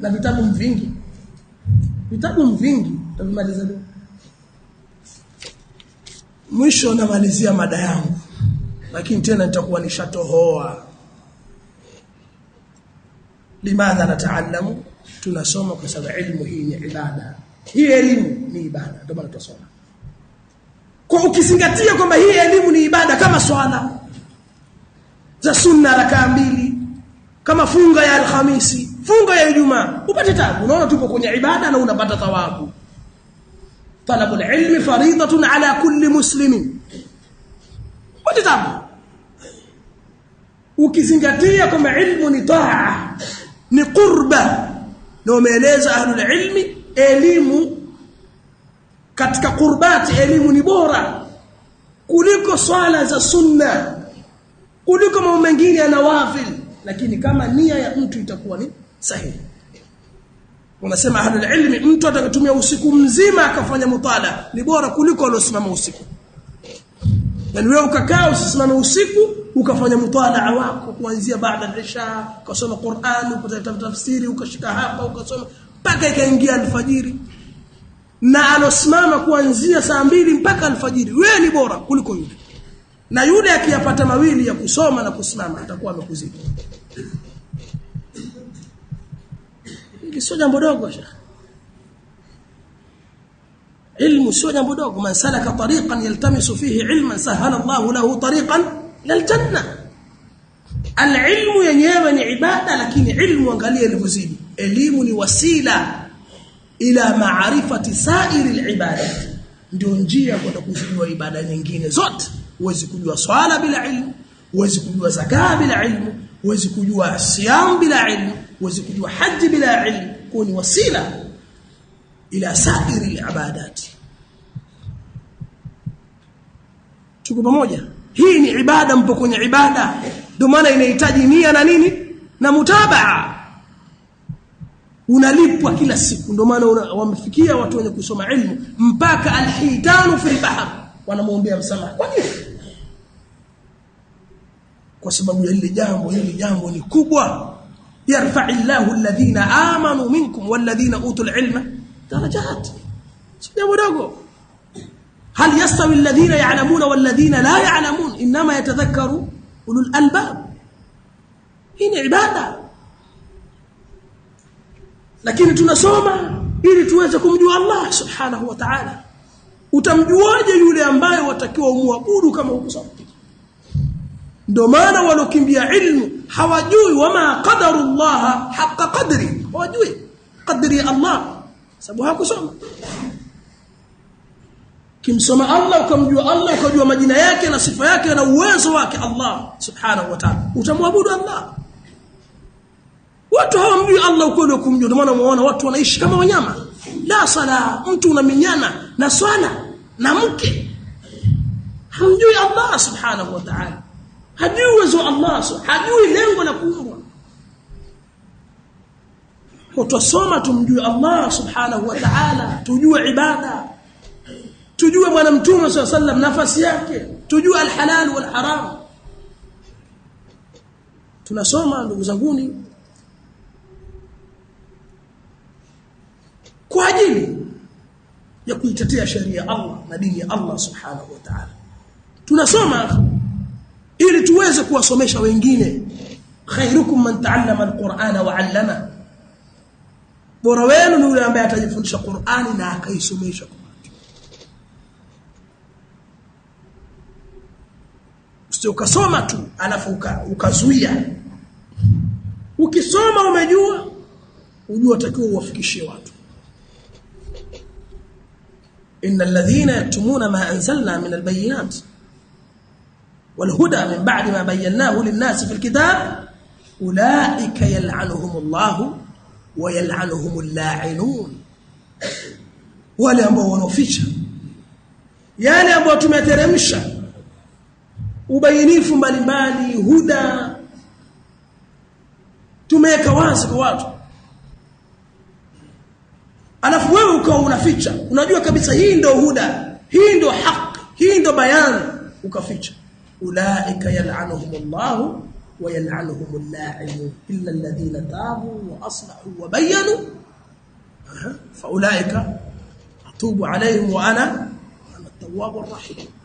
na vitabu mvingi vitabu mvingi tavimaliza leo mwisho namalizia mada yangu lakini tena nitakuwa nishatohoa limadha nataalamu tunasoma kwa sababu ilmu hii ni ibada hii elimu ni ibada ndio maana tunasoma kwa ukizingatia kwamba hii elimu ni ibada kama swala za sunna rakaa mbili kama funga ya alhamisi funga ya Ijumaa upate taabu Unaona tupo kwenye ibada na unapata thawabu. Talabul ilmi faridatun ala kulli muslimin, upate taabu ukizingatia kwamba ilmu ni taa, ni qurba, na wameeleza ahlul ilmi elimu katika qurbati, elimu ni bora kuliko swala za sunna kuliko mambo mengine yanawafil lakini kama nia ya mtu itakuwa ni sahihi wanasema ahlul ilmi mtu atakatumia usiku mzima akafanya mutala ni bora kuliko aliosimama usiku na yaani wewe ukakaa usisimame usiku ukafanya mutala wako kuanzia baada ya isha ukasoma Qur'an ukatafuta tafsiri ukashika hapa ukasoma mpaka ikaingia alfajiri na alosimama kuanzia saa mbili mpaka alfajiri wewe ni bora kuliko yule na yule akiyapata mawili ya kusoma na kusimama atakuwa amekuzidi hiki sio jambo dogo shekhi ilmu sio jambo dogo man salaka tariqan yaltamisu fihi ilman sahala Allah lahu tariqan lil janna alilmu yenyewe ni ibada lakini ilmu angalia ilivyozidi elimu ni wasila ila maarifati sairi alibadati ndio njia kwenda kujua ibada nyingine zote huwezi kujua swala bila ilmu huwezi kujua zakaa bila ilmu huwezi kujua siam bila ilmu uweze kujua haji bila ilmu kuwa ni wasila ila sairi ibadati tuko pamoja hii ni ibada mpo kwenye ibada ndio maana inahitaji nia na nini na mutabaa unalipwa kila siku ndio maana wamfikia watu wenye kusoma ilmu mpaka alhitanu fil bahar wanamuombea msamaha kwa nini kwa sababu ya ile jambo ile jambo ni kubwa يرفع الله الذين آمنوا منكم والذين أوتوا العلم درجات هل يستوي الذين يعلمون والذين لا يعلمون إنما يتذكروا أولو الألباب هنا عبادة لكن تنسوما إلي تويتكم جوا الله سبحانه وتعالى وتمجواجي يولي أنباء وتكوى أمو كما هو صبت ndio maana walokimbia ilmu hawajui wama qadarullah haqa qadri hawajui qadri ya Allah sababu hakusoma kimsoma Allah ukamjua Allah ukajua majina yake na sifa yake na uwezo wake Allah subhanahu wa ta'ala utamwabudu Allah watu hawamjui Allah ukweli kumjua ndio maana muona watu wanaishi kama wanyama la sala mtu unaminyana na swala na mke hamjui Allah subhanahu wa ta'ala hajui uwezo wa Allah so, hajui lengo la kuumbwa tutasoma tumjue Allah subhanahu wa ta'ala tujue ibada tujue bwana mtume swalla sallam nafasi yake tujue alhalal wal haram tunasoma ndugu zanguni kwa ajili ya kuitetea sheria Allah na dini ya Allah subhanahu wa ta'ala tunasoma ili tuweze kuwasomesha wengine khairukum man ta'allama alqur'ana wa 'allama bora wenu ni yule ambaye atajifundisha Qur'ani na akaisomesha kwa watu sio ukasoma tu alafu ukazuia ukisoma umejua ujua takiwa uwafikishie watu inna alladhina yaktumuna ma anzalna min albayinat والهدى من بعد ما بيناه للناس في الكتاب أولئك يلعنهم الله ويلعنهم اللاعنون wale ambao wanaoficha yale ambao tumeteremsha ubainifu mbalimbali huda tumeweka wazi kwa watu alafu wewe ukawa unaficha unajua kabisa hii ndio huda hii ndio haki hii ndio bayani ukaficha أولئك يلعنهم الله ويلعنهم اللاعنون إلا الذين تابوا وأصلحوا وبينوا فأولئك أتوب عليهم وأنا أنا التواب الرحيم